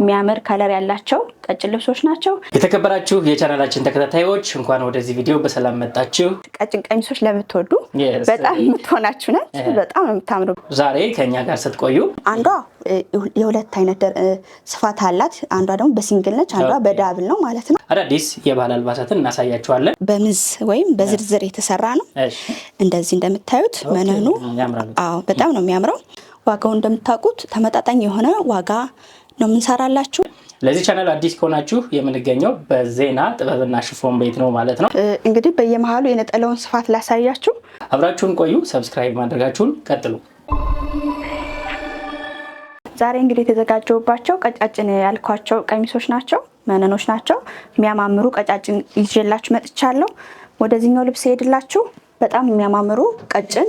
የሚያምር ከለር ያላቸው ቀጭን ልብሶች ናቸው። የተከበራችሁ የቻናላችን ተከታታዮች እንኳን ወደዚህ ቪዲዮ በሰላም መጣችሁ። ቀጭን ቀሚሶች ለምትወዱ በጣም የምትሆናችሁ ነች። eh. በጣም ነው የምታምሩ። ዛሬ ከኛ ጋር ስትቆዩ አንዷ የሁለት አይነት eh, ስፋት አላት። አንዷ ደግሞ በሲንግል ነች፣ አንዷ በዳብል ነው ማለት ነው። አዳዲስ የባህል አልባሳትን እናሳያችኋለን። በምዝ ወይም በዝርዝር የተሰራ ነው። እንደዚህ እንደምታዩት መነኑ በጣም ነው የሚያምረው። ዋጋው እንደምታውቁት ተመጣጣኝ የሆነ ዋጋ ነው የምንሰራላችሁ። ለዚህ ቻናል አዲስ ከሆናችሁ የምንገኘው በዜና ጥበብና ሽፎን ቤት ነው ማለት ነው። እንግዲህ በየመሀሉ የነጠለውን ስፋት ላሳያችሁ፣ አብራችሁን ቆዩ። ሰብስክራይብ ማድረጋችሁን ቀጥሉ። ዛሬ እንግዲህ የተዘጋጀውባቸው ቀጫጭን ያልኳቸው ቀሚሶች ናቸው፣ መነኖች ናቸው። የሚያማምሩ ቀጫጭን ይዤላችሁ መጥቻለሁ። ወደዚህኛው ልብስ ሄድላችሁ በጣም የሚያማምሩ ቀጭን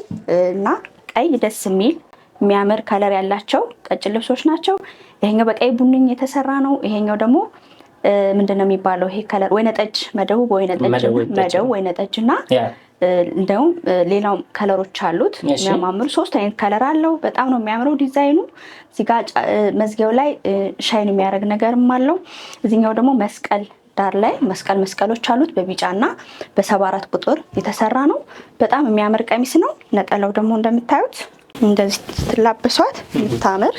እና ቀይ ደስ የሚል የሚያምር ከለር ያላቸው ቀጭን ልብሶች ናቸው። ይሄኛው በቀይ ቡኒኝ የተሰራ ነው። ይሄኛው ደግሞ ምንድን ነው የሚባለው? ይሄ ከለር ወይነጠጅ መደቡ መደቡ ወይነጠጅ እና እንደውም ሌላው ከለሮች አሉት የሚያማምሩ ሶስት አይነት ከለር አለው። በጣም ነው የሚያምረው ዲዛይኑ። እዚጋ መዝጊያው ላይ ሻይን የሚያደርግ ነገርም አለው። እዚኛው ደግሞ መስቀል ዳር ላይ መስቀል መስቀሎች አሉት በቢጫና በሰባ አራት ቁጥር የተሰራ ነው። በጣም የሚያምር ቀሚስ ነው። ነጠላው ደግሞ እንደምታዩት እንደዚህ ስትላበሷት የምታምር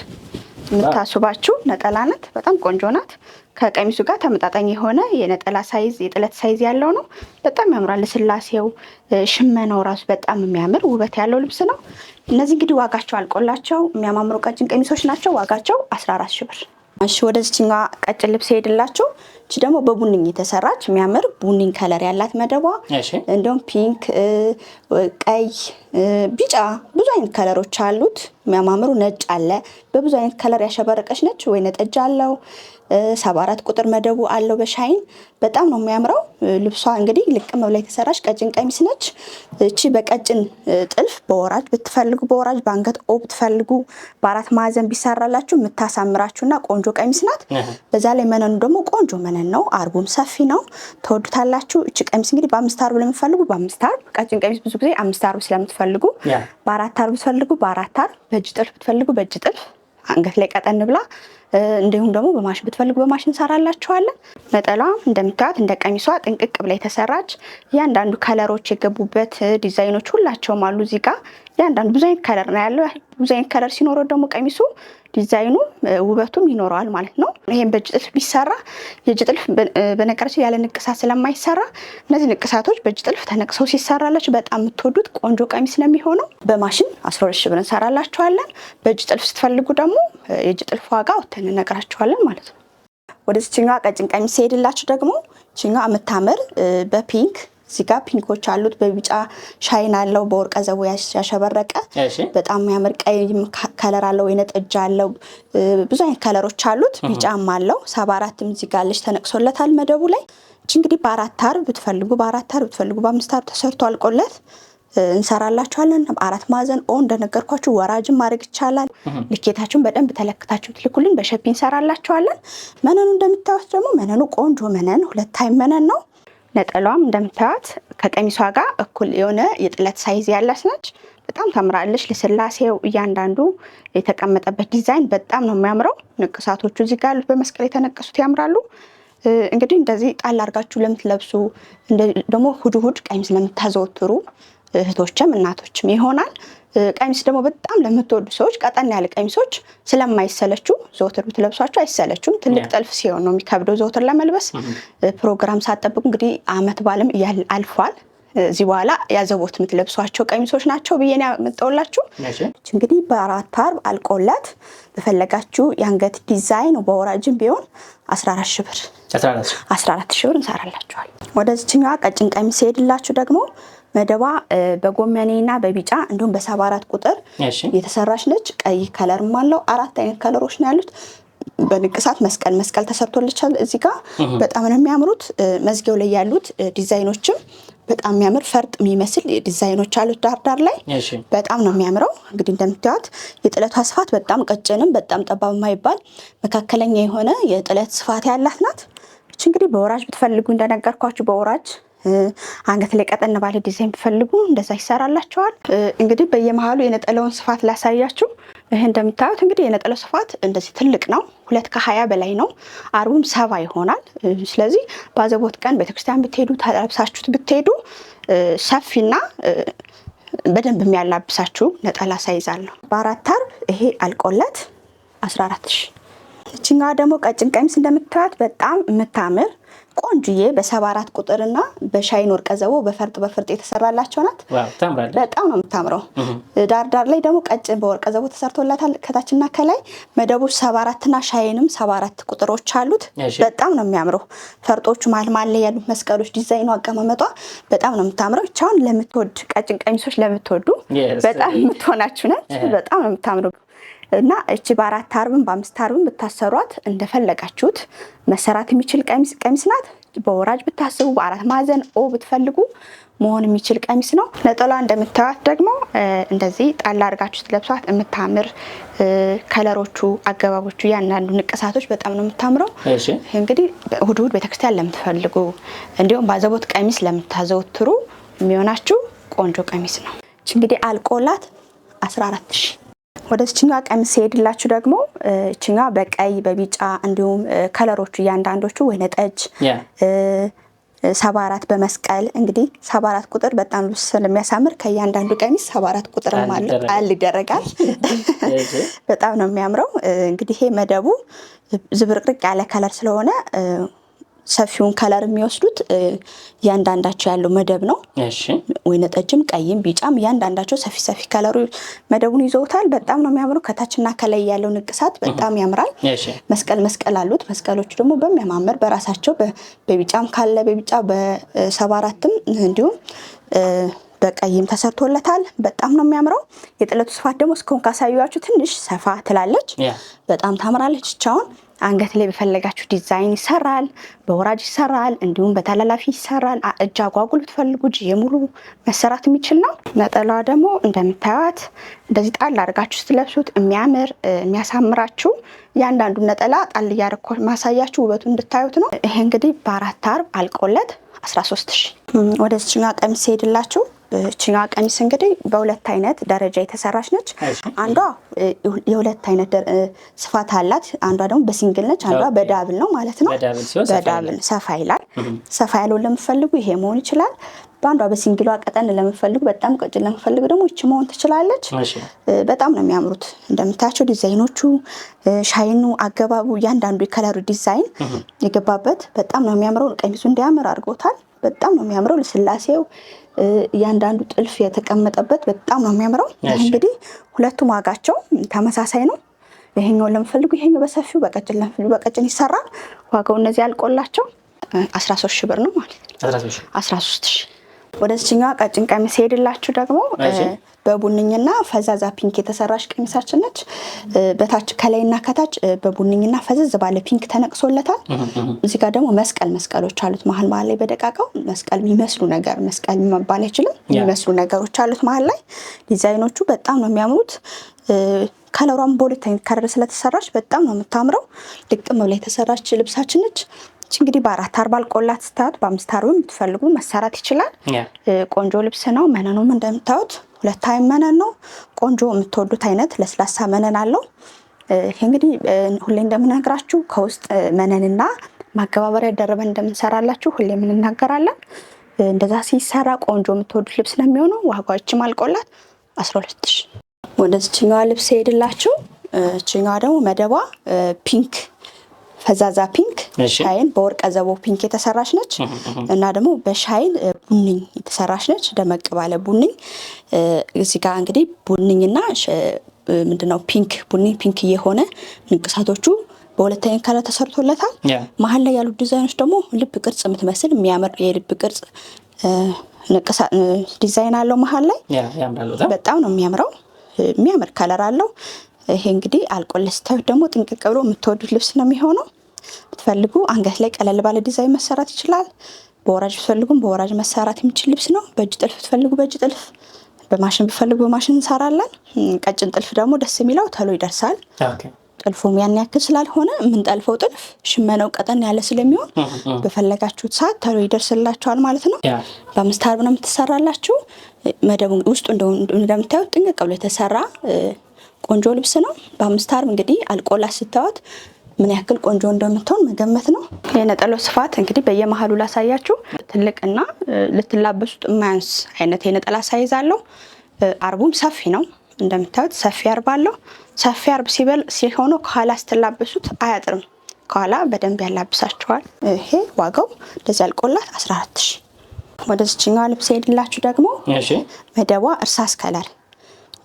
የምታስውባችሁ ነጠላ ናት። በጣም ቆንጆ ናት። ከቀሚሱ ጋር ተመጣጣኝ የሆነ የነጠላ ሳይዝ የጥለት ሳይዝ ያለው ነው። በጣም ያምራል። ልስላሴው፣ ሽመናው ራሱ በጣም የሚያምር ውበት ያለው ልብስ ነው። እነዚህ እንግዲህ ዋጋቸው አልቆላቸው የሚያማምሩ ቀጭን ቀሚሶች ናቸው። ዋጋቸው አስራ አራት ሺህ ብር እሺ ወደዚችኛ ቀጭን ልብስ ሄድላችሁ። እቺ ደግሞ በቡኒኝ የተሰራች የሚያምር ቡኒኝ ከለር ያላት መደቧ እንዲሁም ፒንክ፣ ቀይ፣ ቢጫ ብዙ አይነት ከለሮች አሉት የሚያማምሩ። ነጭ አለ በብዙ አይነት ከለር ያሸበረቀች ነች። ወይነ ጠጅ አለው ሰባ አራት ቁጥር መደቡ አለው በሻይን በጣም ነው የሚያምረው። ልብሷ እንግዲህ ልቅም ብላ የተሰራች ቀጭን ቀሚስ ነች። እቺ በቀጭን ጥልፍ በወራጅ ብትፈልጉ በወራጅ በአንገት ኦ ብትፈልጉ በአራት ማዕዘን ቢሰራላችሁ እና ቆንጆ ቀሚስ ናት። በዛ ላይ መነኑ ደግሞ ቆንጆ መነን ነው። አርቡም ሰፊ ነው። ተወዱታላችሁ። እቺ ቀሚስ እንግዲህ በአምስት አርብ ለምትፈልጉ በአምስት አርብ፣ ቀጭን ቀሚስ ብዙ ጊዜ አምስት አርብ ስለምትፈልጉ በአራት አርብ ብትፈልጉ በአራት አርብ፣ በእጅ ጥልፍ ብትፈልጉ በእጅ ጥልፍ አንገት ላይ ቀጠን ብላ እንዲሁም ደግሞ በማሽን ብትፈልጉ በማሽን እንሰራላችኋለን። ነጠላ እንደምታዩት እንደ ቀሚሷ ጥንቅቅ ብላ የተሰራች እያንዳንዱ ከለሮች የገቡበት ዲዛይኖች ሁላቸውም አሉ እዚህ ጋር። እያንዳንዱ ብዙ አይነት ከለር ነው ያለው። ብዙ አይነት ከለር ሲኖረው ደግሞ ቀሚሱ ዲዛይኑም ውበቱም ይኖረዋል ማለት ነው። ይህም በእጅ ጥልፍ ቢሰራ የእጅ ጥልፍ በነገራችን ያለ ንቅሳት ስለማይሰራ እነዚህ ንቅሳቶች በእጅ ጥልፍ ተነቅሰው ሲሰራላችሁ በጣም የምትወዱት ቆንጆ ቀሚስ ነው የሚሆነው። በማሽን 12 ሺ ብር እንሰራላችኋለን። በእጅ ጥልፍ ስትፈልጉ ደግሞ የእጅ ጥልፍ ዋጋ ወተን እነግራችኋለን ማለት ነው። ወደ ችኛዋ ቀጭን ቀሚስ ሲሄድላችሁ ደግሞ ችኛዋ የምታምር በፒንክ እዚህ ጋር ፒንኮች አሉት። በቢጫ ሻይን አለው፣ በወርቀ ዘቦ ያሸበረቀ በጣም የሚያምር ቀይ ከለር አለው፣ ጠጅ አለው፣ ብዙ አይነት ከለሮች አሉት። ቢጫም አለው። ሰባ አራትም እዚህ ጋር አለች፣ ተነቅሶለታል መደቡ ላይ። እች እንግዲህ በአራት አር ብትፈልጉ በአራት አር ብትፈልጉ በአምስት አር ተሰርቶ አልቆለት እንሰራላችኋለን። አራት ማዕዘን ኦ እንደነገርኳችሁ ወራጅም ማድረግ ይቻላል። ልኬታችሁን በደንብ ተለክታችሁ ትልኩልን፣ በሸፒ እንሰራላችኋለን። መነኑ እንደምታዩት ደግሞ መነኑ ቆንጆ መነን ሁለት ታይም መነን ነው። ነጠሏም እንደምታዩት ከቀሚሷ ጋር እኩል የሆነ የጥለት ሳይዝ ያላት ነች። በጣም ታምራለች። ልስላሴው፣ እያንዳንዱ የተቀመጠበት ዲዛይን በጣም ነው የሚያምረው። ንቅሳቶቹ እዚህ ጋር ያሉት በመስቀል የተነቀሱት ያምራሉ። እንግዲህ እንደዚህ ጣል አድርጋችሁ ለምትለብሱ ደግሞ ሁድ ሁድ ቀሚስ ለምታዘወትሩ እህቶችም እናቶችም ይሆናል። ቀሚስ ደግሞ በጣም ለምትወዱ ሰዎች ቀጠን ያለ ቀሚሶች ስለማይሰለችው ዘወትር ብትለብሷቸው አይሰለችም። ትልቅ ጥልፍ ሲሆን ነው የሚከብደው ዘወትር ለመልበስ። ፕሮግራም ሳጠብቅ እንግዲህ አመት በዓልም አልፏል። እዚህ በኋላ ያዘቦት የምትለብሷቸው ቀሚሶች ናቸው ብዬ ነው ያመጣሁላችሁ። እንግዲህ በአራት አርብ አልቆላት በፈለጋችሁ የአንገት ዲዛይን በወራጅም ቢሆን 14 ሺህ ብር 14 ሺህ ብር እንሰራላችኋል። ወደዚችኛዋ ቀጭን ቀሚስ ሄድላችሁ ደግሞ መደቧ በጎመኔና በቢጫ እንዲሁም በሰባ አራት ቁጥር የተሰራች ነች። ቀይ ከለርም አለው። አራት አይነት ከለሮች ነው ያሉት። በንቅሳት መስቀል መስቀል ተሰርቶልቻል። እዚህ ጋ በጣም ነው የሚያምሩት። መዝጊያው ላይ ያሉት ዲዛይኖችም በጣም የሚያምር ፈርጥ የሚመስል ዲዛይኖች አሉት። ዳርዳር ላይ በጣም ነው የሚያምረው። እንግዲህ እንደምታዩት የጥለቷ ስፋት በጣም ቀጭንም በጣም ጠባብ የማይባል መካከለኛ የሆነ የጥለት ስፋት ያላት ናት። እች እንግዲህ በወራጅ ብትፈልጉ እንደነገርኳችሁ በወራጅ አንገት ላይ ቀጠን ባለ ዲዛይን ቢፈልጉ እንደዛ ይሰራላቸዋል። እንግዲህ በየመሀሉ የነጠለውን ስፋት ላሳያችሁ። ይህ እንደምታዩት እንግዲህ የነጠለው ስፋት እንደዚህ ትልቅ ነው። ሁለት ከሀያ በላይ ነው። አርቡም ሰባ ይሆናል። ስለዚህ በአዘቦት ቀን ቤተክርስቲያን ብትሄዱ ተለብሳችሁት ብትሄዱ ሰፊና በደንብ የሚያላብሳችሁ ነጠላ ሳይዛለሁ። በአራት አርብ ይሄ አልቆለት 14 ሺህ እችኛዋ ደግሞ ቀጭን ቀሚስ እንደምታዩት በጣም የምታምር ቆንጆዬ በሰባ አራት ቁጥርና በሻይን ወርቀ ዘቦ በፈርጥ በፍርጥ የተሰራላቸው ናት። በጣም ነው የምታምረው። ዳርዳር ላይ ደግሞ ቀጭን በወርቀ ዘቦ ተሰርቶላታል። ከታችና ከላይ መደቦች ሰባ አራትና ሻይንም ሰባ አራት ቁጥሮች አሉት። በጣም ነው የሚያምረው። ፈርጦቹ ማልማል ላይ ያሉት መስቀሎች፣ ዲዛይኑ፣ አቀማመጧ በጣም ነው የምታምረው። ብቻውን ለምትወድ ቀጭን ቀሚሶች ለምትወዱ በጣም የምትሆናችሁ ናት። በጣም ነው የምታምረው። እና እቺ በአራት አርብን በአምስት አርብን ብታሰሯት እንደፈለጋችሁት መሰራት የሚችል ቀሚስ ናት። በወራጅ ብታስቡ በአራት ማዕዘን ኦ ብትፈልጉ መሆን የሚችል ቀሚስ ነው። ነጠላ እንደምታዩት ደግሞ እንደዚህ ጣላ አድርጋችሁ ለብሷት የምታምር ከለሮቹ፣ አገባቦቹ፣ ያንዳንዱ ንቅሳቶች በጣም ነው የምታምረው። ይህ እንግዲህ እሁድ እሁድ ቤተክርስቲያን ለምትፈልጉ እንዲሁም ባዘቦት ቀሚስ ለምታዘወትሩ የሚሆናችሁ ቆንጆ ቀሚስ ነው። እንግዲህ አልቆላት 14 ሺህ ወደ ችኛዋ ቀሚስ ሲሄድላችሁ ደግሞ እችኛ በቀይ በቢጫ እንዲሁም ከለሮቹ እያንዳንዶቹ ወይነ ጠጅ ሰባ አራት በመስቀል እንግዲህ ሰባ አራት ቁጥር በጣም ስለሚያሳምር ከእያንዳንዱ ቀሚስ ሰባ አራት ቁጥርም አለ ጣል ይደረጋል። በጣም ነው የሚያምረው። እንግዲህ ይሄ መደቡ ዝብርቅርቅ ያለ ከለር ስለሆነ ሰፊውን ከለር የሚወስዱት እያንዳንዳቸው ያለው መደብ ነው። ወይነ ጠጅም፣ ቀይም፣ ቢጫም እያንዳንዳቸው ሰፊ ሰፊ ከለሩ መደቡን ይዘውታል። በጣም ነው የሚያምረው። ከታችና ከላይ ያለው ንቅሳት በጣም ያምራል። መስቀል መስቀል አሉት። መስቀሎቹ ደግሞ በሚያማምር በራሳቸው በቢጫም ካለ በቢጫ በሰባ አራትም እንዲሁም በቀይም ተሰርቶለታል። በጣም ነው የሚያምረው። የጥለቱ ስፋት ደግሞ እስካሁን ካሳዩዋችሁ ትንሽ ሰፋ ትላለች። በጣም ታምራለች። ብቻውን አንገት ላይ በፈለጋችሁ ዲዛይን ይሰራል፣ በወራጅ ይሰራል፣ እንዲሁም በተላላፊ ይሰራል። እጅ አጓጉል ብትፈልጉ እጅ የሙሉ መሰራት የሚችል ነው። ነጠላዋ ደግሞ እንደምታዩት እንደዚህ ጣል አድርጋችሁ ስትለብሱት የሚያምር የሚያሳምራችሁ እያንዳንዱ ነጠላ ጣል እያደረኩ ማሳያችሁ ውበቱ እንድታዩት ነው። ይሄ እንግዲህ በአራት አርብ አልቆለት 13 ሺ ወደዚችኛ ቀሚስ ሄድላችሁ እችኛ ቀሚስ እንግዲህ በሁለት አይነት ደረጃ የተሰራች ነች። አንዷ የሁለት አይነት ስፋት አላት። አንዷ ደግሞ በሲንግል ነች። አንዷ በዳብል ነው ማለት ነው። በዳብል ሰፋ ይላል። ሰፋ ያለው ለምፈልጉ ይሄ መሆን ይችላል። በአንዷ በሲንግሏ ቀጠን ለምፈልጉ፣ በጣም ቀጭን ለምፈልጉ ደግሞ ይች መሆን ትችላለች። በጣም ነው የሚያምሩት። እንደምታያቸው ዲዛይኖቹ፣ ሻይኑ፣ አገባቡ እያንዳንዱ የከለሩ ዲዛይን የገባበት በጣም ነው የሚያምረው። ቀሚሱ እንዲያምር አድርጎታል። በጣም ነው የሚያምረው ልስላሴው እያንዳንዱ ጥልፍ የተቀመጠበት በጣም ነው የሚያምረው። እንግዲህ ሁለቱም ዋጋቸው ተመሳሳይ ነው። ይሄኛው ለምፈልጉ ይሄኛው በሰፊው በቀጭን ለምፈልጉ በቀጭን ይሰራል። ዋጋው እነዚህ ያልቆላቸው አስራ ሶስት ሺህ ብር ነው ማለት አስራ ሶስት ሺ ወደዚችኛዋ ቀጭን ቀሚስ ሄድላችሁ ደግሞ በቡንኝና ፈዛዛ ፒንክ የተሰራች ቀሚሳችን ነች። በታች ከላይና ከታች በቡንኝና ፈዘዝ ባለ ፒንክ ተነቅሶለታል። እዚህ ጋር ደግሞ መስቀል መስቀሎች አሉት መሀል መሀል ላይ በደቃቀው መስቀል የሚመስሉ ነገር መስቀል መባል አይችልም፣ የሚመስሉ ነገሮች አሉት መሀል ላይ ዲዛይኖቹ በጣም ነው የሚያምሩት። ከለሯም በሁለት ከረር ስለተሰራች በጣም ነው የምታምረው። ልቅም ብላ የተሰራች ልብሳችን ነች። ይች እንግዲህ በአራት አርባ አልቆላት ስታዩት በአምስት አርብ የምትፈልጉ መሰራት ይችላል። ቆንጆ ልብስ ነው። መነኑም እንደምታዩት ሁለት አይም መነን ነው። ቆንጆ የምትወዱት አይነት ለስላሳ መነን አለው። ይሄ እንግዲህ ሁሌ እንደምነግራችሁ ከውስጥ መነንና ማገባበሪያ ደርበን እንደምንሰራላችሁ ሁሌ የምንናገራለን። እንደዛ ሲሰራ ቆንጆ የምትወዱት ልብስ ነው የሚሆነው። ዋጋዎችም አልቆላት አስራ ሁለት ወደዚችኛዋ ልብስ ሄድላችሁ። ችኛዋ ደግሞ መደቧ ፒንክ ፈዛዛ ፒንክ ሻይን በወርቀ ዘቦ ፒንክ የተሰራች ነች እና ደግሞ በሻይን ቡኒኝ የተሰራች ነች። ደመቅ ባለ ቡኒኝ እዚህ ጋር እንግዲህ ቡንኝና ምንድነው ፒንክ ቡኒ ፒንክ የሆነ ንቅሳቶቹ በሁለተኛ ከለር ተሰርቶለታል። መሀል ላይ ያሉት ዲዛይኖች ደግሞ ልብ ቅርጽ የምትመስል የሚያምር የልብ ቅርጽ ዲዛይን አለው። መሀል ላይ በጣም ነው የሚያምረው። የሚያምር ከለር አለው። ይሄ እንግዲህ አልቆል ስታዩት ደግሞ ጥንቅቅ ብሎ የምትወዱት ልብስ ነው የሚሆነው። ብትፈልጉ አንገት ላይ ቀለል ባለ ዲዛይን መሰራት ይችላል። በወራጅ ብትፈልጉም በወራጅ መሰራት የሚችል ልብስ ነው። በእጅ ጥልፍ ብትፈልጉ በእጅ ጥልፍ፣ በማሽን ብትፈልጉ በማሽን እንሰራለን። ቀጭን ጥልፍ ደግሞ ደስ የሚለው ተሎ ይደርሳል። ጥልፉም ያን ያክል ስላልሆነ የምንጠልፈው ጥልፍ ሽመነው ቀጠን ያለ ስለሚሆን በፈለጋችሁት ሰዓት ተሎ ይደርስላችኋል ማለት ነው። በአምስት አርብ ነው የምትሰራላችሁ። መደቡ ውስጡ እንደምታዩት ጥንቅቅ ብሎ የተሰራ ቆንጆ ልብስ ነው። በአምስት አርብ እንግዲህ አልቆላ ስታዩት ምን ያክል ቆንጆ እንደምትሆን መገመት ነው። የነጠላው ስፋት እንግዲህ በየመሀሉ ላሳያችሁ። ትልቅና ልትላበሱት የማያንስ አይነት የነጠላ ሳይዝ አለው። አርቡም ሰፊ ነው። እንደምታዩት ሰፊ አርብ አለው። ሰፊ አርብ ሲበል ሲሆኑ ከኋላ ስትላበሱት አያጥርም። ከኋላ በደንብ ያላብሳችኋል። ይሄ ዋጋው እንደዚህ አልቆላት 14 ሺ። ወደ ዝችኛዋ ልብስ ሄድላችሁ ደግሞ መደቧ እርሳስ ከለር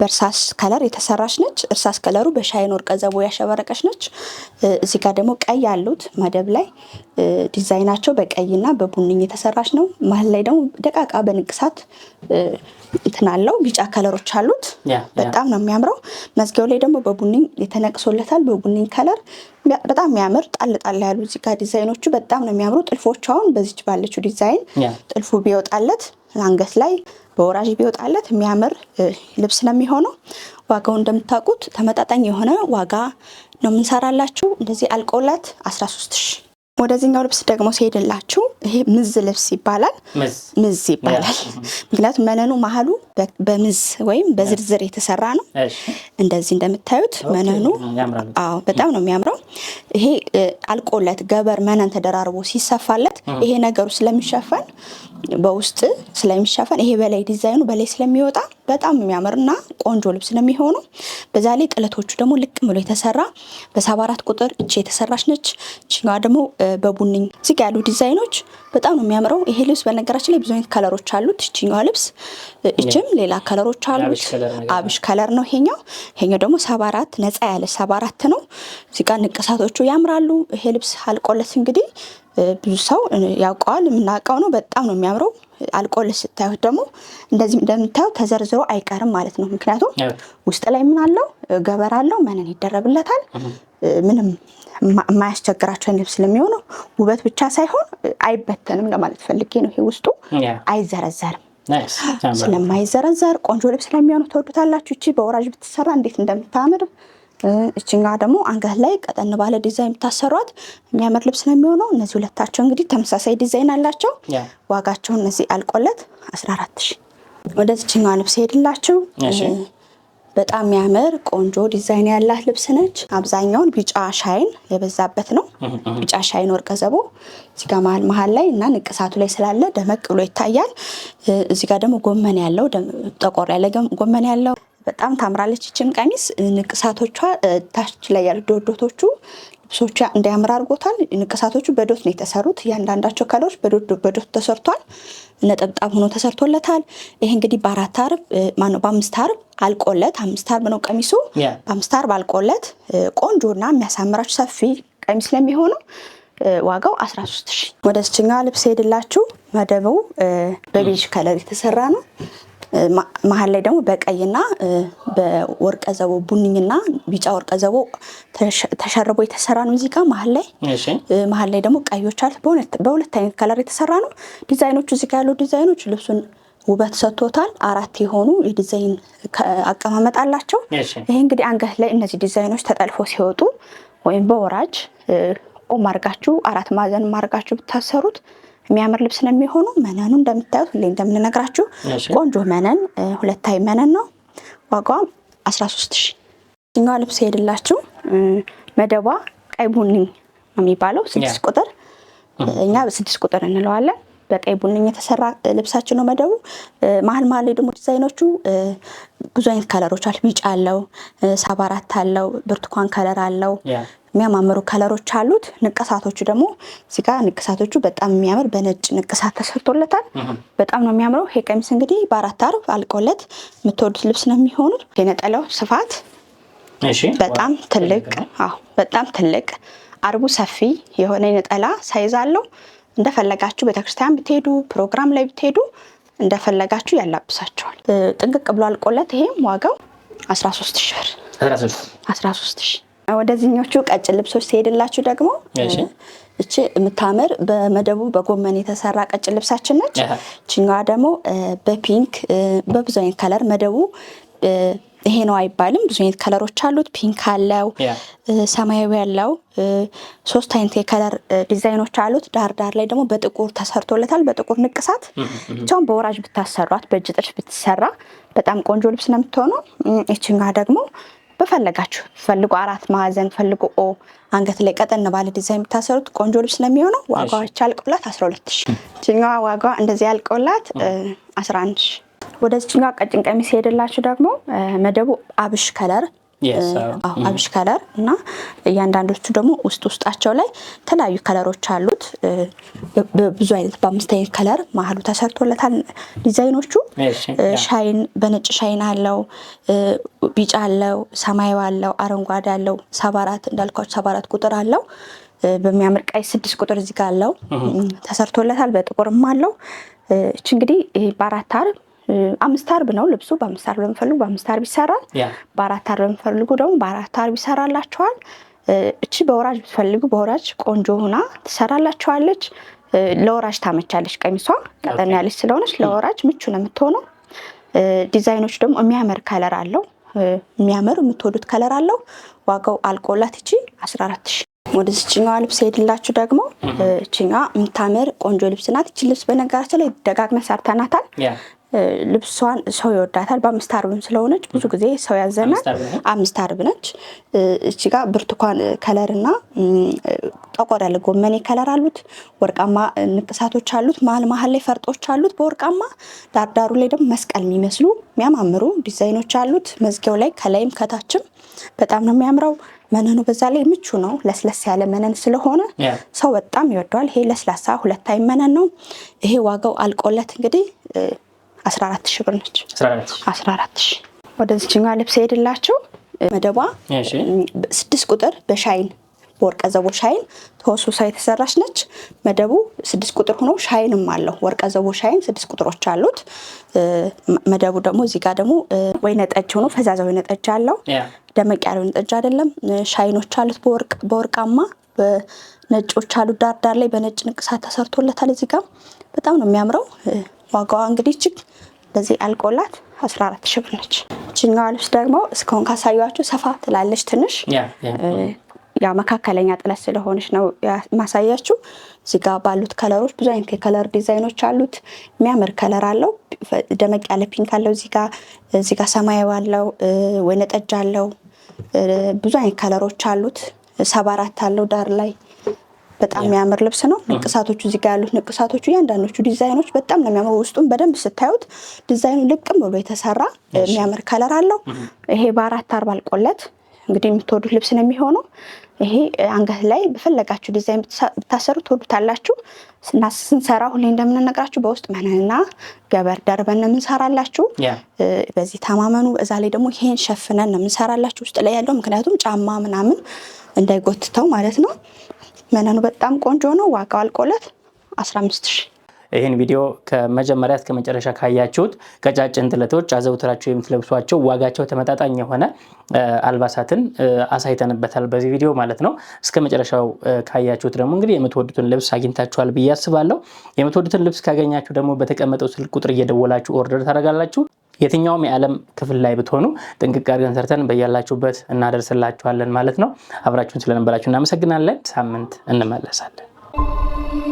በእርሳስ ከለር የተሰራች ነች። እርሳስ ከለሩ በሻይን ወርቀ ዘቦ ያሸበረቀች ነች። እዚህ ጋር ደግሞ ቀይ ያሉት መደብ ላይ ዲዛይናቸው በቀይና በቡኒኝ የተሰራች ነው። መሀል ላይ ደግሞ ደቃቃ በንቅሳት እንትን አለው ቢጫ ከለሮች አሉት። በጣም ነው የሚያምረው። መዝጊያው ላይ ደግሞ በቡኒኝ የተነቅሶለታል። በቡኒኝ ከለር በጣም የሚያምር ጣል ጣል ያሉ እዚህ ጋር ዲዛይኖቹ በጣም ነው የሚያምሩ። ጥልፎቹ አሁን በዚች ባለችው ዲዛይን ጥልፉ ቢወጣለት አንገት ላይ በወራጅ ቢወጣለት የሚያምር ልብስ ነው የሚሆነው። ዋጋው እንደምታውቁት ተመጣጣኝ የሆነ ዋጋ ነው የምንሰራላችሁ። እንደዚህ አልቆላት 13 ሺ። ወደዚህኛው ልብስ ደግሞ ሲሄድላችሁ ይሄ ምዝ ልብስ ይባላል። ምዝ ይባላል ምክንያቱም መነኑ መሀሉ በምዝ ወይም በዝርዝር የተሰራ ነው። እንደዚህ እንደምታዩት መነኑ በጣም ነው የሚያምረው። ይሄ አልቆለት ገበር መነን ተደራርቦ ሲሰፋለት ይሄ ነገሩ ስለሚሸፈን በውስጥ ስለሚሸፈን ይሄ በላይ ዲዛይኑ በላይ ስለሚወጣ በጣም የሚያምርና ቆንጆ ልብስ ነው የሚሆነው። በዛ ላይ ጥለቶቹ ደግሞ ልቅ ብሎ የተሰራ በሰባ አራት ቁጥር እቺ የተሰራች ነች። እችኛዋ ደግሞ በቡኒ ዝግ ያሉ ዲዛይኖች በጣም ነው የሚያምረው ይሄ ልብስ። በነገራችን ላይ ብዙ አይነት ከለሮች አሉት። እችኛዋ ልብስ እችም ሌላ ከለሮች አሉት። አብሽ ከለር ነው ይሄኛው። ይሄኛው ደግሞ ሰባ አራት ያለ ሰባ አራት ነው። እዚጋ ንቅሳቶቹ ያምራሉ። ይሄ ልብስ አልቆለት እንግዲህ ብዙ ሰው ያውቀዋል፣ የምናውቀው ነው። በጣም ነው የሚያምረው። አልቆል ስታዩት ደግሞ እንደዚህ እንደምታየው ተዘርዝሮ አይቀርም ማለት ነው። ምክንያቱም ውስጥ ላይ ምን አለው ገበር አለው መነን ይደረብለታል። ምንም የማያስቸግራቸውን ንብ ስለሚሆነው ውበት ብቻ ሳይሆን አይበተንም ለማለት ፈልጌ ነው። ይሄ ውስጡ አይዘረዘርም። ስለማይዘረዘር ቆንጆ ልብስ ስለሚሆኑ ተወዱታላችሁ። እቺ በወራጅ ብትሰራ እንዴት እንደምታምር እችኛ ደግሞ አንገት ላይ ቀጠን ባለ ዲዛይን የምታሰሯት የሚያምር ልብስ ነው የሚሆነው። እነዚህ ሁለታቸው እንግዲህ ተመሳሳይ ዲዛይን አላቸው። ዋጋቸው እነዚህ አልቆለት 14 ሺ። ወደ እችኛዋ ልብስ ሄድላችሁ። በጣም የሚያምር ቆንጆ ዲዛይን ያላት ልብስ ነች። አብዛኛውን ቢጫ ሻይን የበዛበት ነው። ቢጫ ሻይን ወርቀ ዘቦ እዚጋ መሀል መሀል ላይ እና ንቅሳቱ ላይ ስላለ ደመቅ ብሎ ይታያል። እዚጋ ደግሞ ጎመን ያለው ጠቆር ያለ ጎመን ያለው በጣም ታምራለች። ይችም ቀሚስ ንቅሳቶቿ ታች ላይ ያሉ ዶዶቶቹ ልብሶቹ እንዲያምር አድርጎታል። ንቅሳቶቹ በዶት ነው የተሰሩት። እያንዳንዳቸው ከለሮች በዶት ተሰርቷል። ነጠብጣብ ሆኖ ተሰርቶለታል። ይሄ እንግዲህ በአራት አርብ ማነው በአምስት አርብ አልቆለት አምስት አርብ ነው ቀሚሱ። በአምስት አርብ አልቆለት ቆንጆና የሚያሳምራችሁ ሰፊ ቀሚስ ስለሚሆነው ዋጋው 13 ሺ። ወደ ስችኛ ልብስ ሄድላችሁ መደቡ በቤጅ ከለር የተሰራ ነው። መሀል ላይ ደግሞ በቀይና በወርቀ ዘቦ ቡኒና ቢጫ ወርቀ ዘቦ ተሸርቦ የተሰራ ነው። እዚህ ጋር መሀል ላይ መሀል ላይ ደግሞ ቀዮች አሉት። በሁለት አይነት ከለር የተሰራ ነው። ዲዛይኖቹ እዚህ ጋር ያሉ ዲዛይኖች ልብሱን ውበት ሰጥቶታል። አራት የሆኑ የዲዛይን አቀማመጥ አላቸው። ይሄ እንግዲህ አንገት ላይ እነዚህ ዲዛይኖች ተጠልፎ ሲወጡ ወይም በወራጅ ቁም አድርጋችሁ አራት ማዕዘን አድርጋችሁ ብታሰሩት የሚያምር ልብስ ነው የሚሆኑ። መነኑ እንደምታዩት ሁሌ እንደምንነግራችሁ ቆንጆ መነን ሁለታዊ መነን ነው። ዋጋዋ 13 ሺ። እኛዋ ልብስ ሄድላችሁ መደቧ ቀይ ቡኒ ነው የሚባለው ስድስት ቁጥር እኛ ስድስት ቁጥር እንለዋለን በቀይ ቡኒ የተሰራ ልብሳችን ነው መደቡ። መሀል መሀል ደግሞ ዲዛይኖቹ ብዙ አይነት ከለሮች አሉ። ቢጫ አለው፣ ሰባ አራት አለው፣ ብርቱካን ከለር አለው። የሚያማምሩ ከለሮች አሉት። ንቅሳቶቹ ደግሞ እዚጋ ንቅሳቶቹ በጣም የሚያምር በነጭ ንቅሳት ተሰርቶለታል። በጣም ነው የሚያምረው። ይሄ ቀሚስ እንግዲህ በአራት አርብ አልቆለት የምትወዱት ልብስ ነው የሚሆኑት። የነጠላው ስፋት በጣም ትልቅ በጣም ትልቅ አርቡ ሰፊ የሆነ የነጠላ ሳይዝ አለው። እንደፈለጋችሁ ቤተክርስቲያን ብትሄዱ፣ ፕሮግራም ላይ ብትሄዱ እንደፈለጋችሁ ያላብሳቸዋል። ጥንቅቅ ብሎ አልቆለት ይሄም ዋጋው 13 ሺ ብር 13 ወደዚህኞቹ ቀጭን ልብሶች ሲሄድላችሁ ደግሞ እቺ የምታምር በመደቡ በጎመን የተሰራ ቀጭን ልብሳችን ነች። ችኛዋ ደግሞ በፒንክ በብዙ አይነት ከለር መደቡ ይሄ ነው አይባልም። ብዙ አይነት ከለሮች አሉት። ፒንክ አለው፣ ሰማያዊ ያለው ሶስት አይነት የከለር ዲዛይኖች አሉት። ዳር ዳር ላይ ደግሞ በጥቁር ተሰርቶለታል። በጥቁር ንቅሳት ብቻውን በወራጅ ብታሰሯት፣ በእጅ ጥልፍ ብትሰራ በጣም ቆንጆ ልብስ ነው የምትሆነው። ይችኛ ደግሞ በፈለጋችሁ ፈልጎ አራት ማዕዘን ፈልጎ ኦ አንገት ላይ ቀጠን ባለ ዲዛይን የምታሰሩት ቆንጆ ልብስ ስለሚሆነው ዋጋዎች አልቆላት አስራ ሁለት ሺ ይችኛዋ እንደዚህ ያልቆላት አስራ አንድ ሺ ወደዚችኛ ቀጭን ቀሚስ ሄደላችሁ ደግሞ መደቡ አብሽ ከለር mm-hmm. አብሽ ከለር እና እያንዳንዶቹ ደግሞ ውስጥ ውስጣቸው ላይ የተለያዩ ከለሮች አሉት። ብዙ አይነት በአምስት አይነት ከለር መሀሉ ተሰርቶለታል። ዲዛይኖቹ ሻይን በነጭ ሻይን አለው፣ ቢጫ አለው፣ ሰማያዊ አለው፣ አረንጓዴ አለው፣ ሰባ አራት እንዳልኳቸው ሰባ አራት ቁጥር አለው። በሚያምር ቀይ ስድስት ቁጥር እዚህ ጋ አለው mm-hmm. ተሰርቶለታል። በጥቁርም አለው። እች እንግዲህ በአራት አር አምስት አርብ ነው ልብሱ። በአምስት አርብ ለምፈልጉ በአምስት አርብ ይሰራል። በአራት አርብ ለምፈልጉ ደግሞ በአራት አርብ ይሰራላቸዋል እቺ በወራጅ ብትፈልጉ በወራጅ ቆንጆ ሆና ትሰራላቸዋለች። ለወራጅ ታመቻለች። ቀሚሷ ቀጠን ያለች ስለሆነች ለወራጅ ምቹ ነው የምትሆነው። ዲዛይኖች ደግሞ የሚያምር ከለር አለው። የሚያምር የምትወዱት ከለር አለው። ዋጋው አልቆላት እቺ 14 ሺ። ወደ ልብስ ሄድላችሁ ደግሞ እችኛ የምታምር ቆንጆ ልብስ ናት። እቺ ልብስ በነገራችን ላይ ደጋግመን ሰርተናታል። ልብሷን ሰው ይወዳታል። በአምስት አርብም ስለሆነች ብዙ ጊዜ ሰው ያዘናል። አምስት አርብ ነች። እቺ ጋር ብርቱካን ከለር እና ጠቆር ያለ ጎመኔ ከለር አሉት። ወርቃማ ንቅሳቶች አሉት። መሀል መሀል ላይ ፈርጦች አሉት በወርቃማ ዳርዳሩ ላይ ደግሞ መስቀል የሚመስሉ የሚያማምሩ ዲዛይኖች አሉት። መዝጊያው ላይ ከላይም ከታችም በጣም ነው የሚያምረው። መነኑ በዛ ላይ ምቹ ነው። ለስለስ ያለ መነን ስለሆነ ሰው በጣም ይወደዋል። ይሄ ለስላሳ ሁለት አይ መነን ነው። ይሄ ዋጋው አልቆለት እንግዲህ 14 ሺ ብር ነች። 14 ሺህ ወደዚችኛዋ ልብስ ሄድላቸው መደቧ ስድስት ቁጥር በሻይን በወርቀ ዘቦ ሻይን ተወሱሳ የተሰራች ነች። መደቡ ስድስት ቁጥር ሆኖ ሻይንም አለው። ወርቀ ዘቦ ሻይን ስድስት ቁጥሮች አሉት። መደቡ ደግሞ እዚህ ጋር ደግሞ ወይነ ጠጅ ሆኖ ፈዛዛ ወይነ ጠጅ አለው። ደመቅ ያለ ወይነ ጠጅ አይደለም። ሻይኖች አሉት በወርቃማ ነጮች አሉት። ዳርዳር ላይ በነጭ ንቅሳት ተሰርቶለታል። እዚህ ጋር በጣም ነው የሚያምረው። ዋጋዋ እንግዲህ እጅግ እንደዚህ አልቆላት 14 ሺህ ብር ነች። እችኛዋ ልብስ ደግሞ እስካሁን ካሳዩችሁ ሰፋ ትላለች ትንሽ ያ መካከለኛ ጥለት ስለሆነች ነው ማሳያችሁ። እዚህ ጋር ባሉት ከለሮች ብዙ አይነት የከለር ዲዛይኖች አሉት። የሚያምር ከለር አለው። ደመቅ ያለ ፒንክ አለው። እዚህ ጋር እዚህ ጋር ሰማያዊ አለው፣ ወይነጠጅ አለው። ብዙ አይነት ከለሮች አሉት። ሰባ አራት አለው ዳር ላይ በጣም የሚያምር ልብስ ነው። ንቅሳቶቹ እዚህ ጋር ያሉት ንቅሳቶቹ እያንዳንዶቹ ዲዛይኖች በጣም ነው የሚያምሩ። ውስጡም በደንብ ስታዩት ዲዛይኑ ልቅም ብሎ የተሰራ የሚያምር ከለር አለው። ይሄ በአራት አርባ አልቆለት እንግዲህ የምትወዱት ልብስ ነው የሚሆነው። ይሄ አንገት ላይ በፈለጋችሁ ዲዛይን ብታሰሩ ትወዱታላችሁ እና ስንሰራ ሁሌ እንደምንነግራችሁ በውስጥ መነንና ገበር ደርበን ነው የምንሰራላችሁ። በዚህ ተማመኑ። እዛ ላይ ደግሞ ይሄን ሸፍነን ነው የምንሰራላችሁ ውስጥ ላይ ያለው ምክንያቱም ጫማ ምናምን እንዳይጎትተው ማለት ነው። መነኑ በጣም ቆንጆ ነው። ዋጋው አልቆለት 15 ሺህ። ይህን ቪዲዮ ከመጀመሪያ እስከ መጨረሻ ካያችሁት ቀጫጭን ጥለቶች አዘውትራቸው የምትለብሷቸው ዋጋቸው ተመጣጣኝ የሆነ አልባሳትን አሳይተንበታል በዚህ ቪዲዮ ማለት ነው። እስከ መጨረሻው ካያችሁት ደግሞ እንግዲህ የምትወዱትን ልብስ አግኝታችኋል ብዬ አስባለሁ። የምትወዱትን ልብስ ካገኛችሁ ደግሞ በተቀመጠው ስልክ ቁጥር እየደወላችሁ ኦርደር ታደርጋላችሁ። የትኛውም የዓለም ክፍል ላይ ብትሆኑ ጥንቅቅ አድርገን ሰርተን በያላችሁበት እናደርስላችኋለን ማለት ነው። አብራችሁን ስለነበራችሁ እናመሰግናለን። ሳምንት እንመለሳለን።